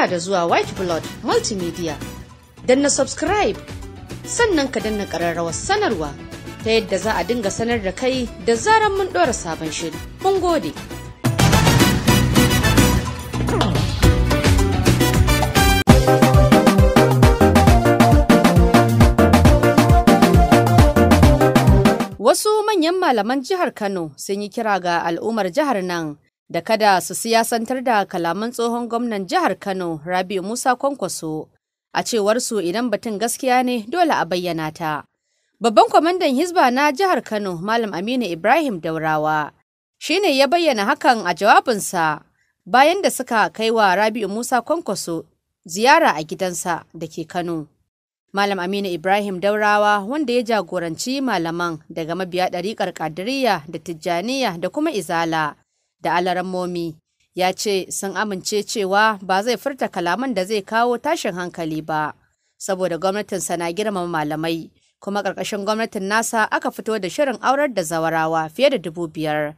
Barka da zuwa White Blood Multimedia. Danna subscribe sannan ka danna ƙararrawar sanarwa ta yadda za a dinga sanar da kai da zaran mun ɗora sabon shiri. Mun gode. Wasu manyan malaman jihar Kano sun yi kira ga al'ummar jihar nan da kada su siyasantar da kalaman tsohon gwamnan jihar Kano Rabiu Musa Kwankwaso. A cewar su idan batun gaskiya ne dole a bayyana ta. Babban kwamandan Hizba na jihar Kano Malam Aminu Ibrahim Daurawa shi ne ya bayyana hakan a jawabinsa bayan da suka kai wa Rabiu Musa Kwankwaso ziyara a gidansa da ke Kano. Malam Aminu Ibrahim Daurawa wanda ya jagoranci malaman daga mabiya ɗariƙar Kadiriyya da Tijjaniya da kuma Izala da alarammomi ya ce sun amince cewa ba zai furta kalaman da zai kawo tashin hankali ba saboda gwamnatinsa na girmama malamai kuma ƙarƙashin gwamnatin nasa aka fito da shirin aurar da zawarawa fiye da dubu biyar.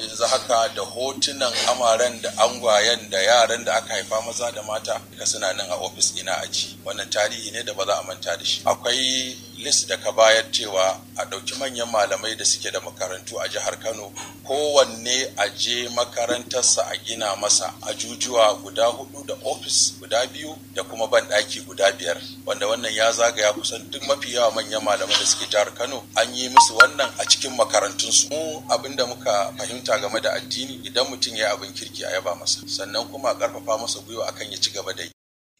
yanzu haka da hotunan amaren da angwayen da yaran da aka haifa maza da mata ka suna nan a ofis ina aji wannan tarihi ne da ba za a manta da shi akwai list da ka bayar cewa a ɗauki manyan malamai da suke da makarantu a jihar kano kowanne a je makarantarsa a gina masa ajujuwa guda hudu da ofis guda biyu da kuma banɗaki guda biyar wanda wannan ya zagaya kusan duk mafi yawa manyan malamai da suke jihar kano an yi musu wannan a cikin makarantunsu mu abin da muka fahimta game da addini idan mutum ya abin kirki a yaba masa sannan kuma a ƙarfafa masa gwiwa akan ya ci gaba da yi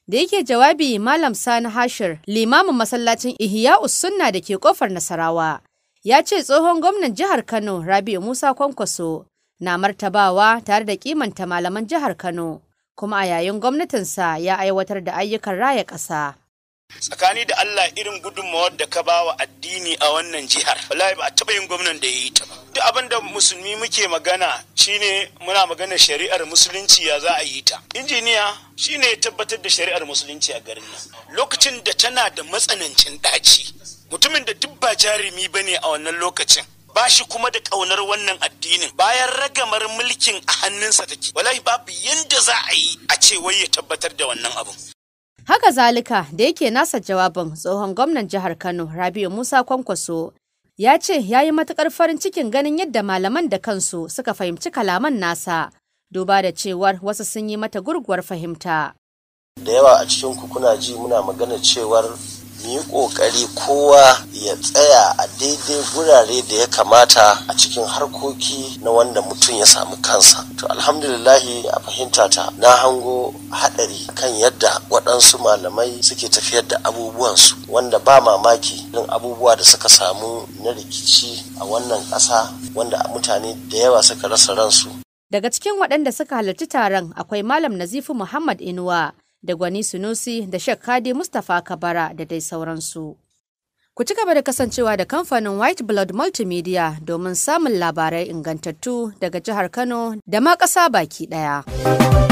da yake jawabi malam sani hashir limamin masallacin Ihiya sunna da ke kofar nasarawa ya ce tsohon gwamnan jihar kano rabi'u musa kwankwaso na martabawa tare da kimanta malaman jihar kano kuma a yayin gwamnatinsa ya aiwatar da ayyukan raya ƙasa. tsakani da allah irin gudunmawar da ka bawa addini a wannan jihar wallahi ba a taɓa yin gwamnan da ya yi ta ba abin da musulmi muke magana shine muna magana shari'ar musulunci ya za a yi ta injiniya shine ya tabbatar da shari'ar musulunci a garin nan lokacin da tana da matsanancin ɗaci mutumin da duk ba jarumi ba ne a wannan lokacin ba shi kuma da ƙaunar wannan addinin bayan ragamar mulkin a hannunsa take wallahi babu yanda za a yi a ce wai ya tabbatar da wannan abin haka zalika da yake nasa jawabin tsohon gwamnan jihar kano rabiu musa kwankwaso ya ce ya yi matuƙar farin cikin ganin yadda malaman da kansu suka fahimci kalaman nasa duba da cewar wasu sun yi mata gurguwar fahimta. Da yawa a cikin ku kuna ji muna magana cewar yi ƙoƙari kowa ya tsaya a daidai gurare da ya kamata a cikin harkoki na wanda mutum ya samu kansa to alhamdulillahi a fahimta ta na hango haɗari kan yadda waɗansu malamai suke tafiyar da abubuwansu wanda ba mamaki irin abubuwa da suka samu na rikici a wannan ƙasa wanda mutane da yawa suka rasa ransu Daga cikin waɗanda suka halarci taron akwai Malam Nazifu Muhammad Inuwa da Gwani Sunusi da Sheikh Kadi Mustapha Kabara da dai sauransu. Ku ci gaba da kasancewa da kamfanin White Blood Multimedia domin samun labarai ingantattu daga jihar Kano da ma ƙasa baki ɗaya.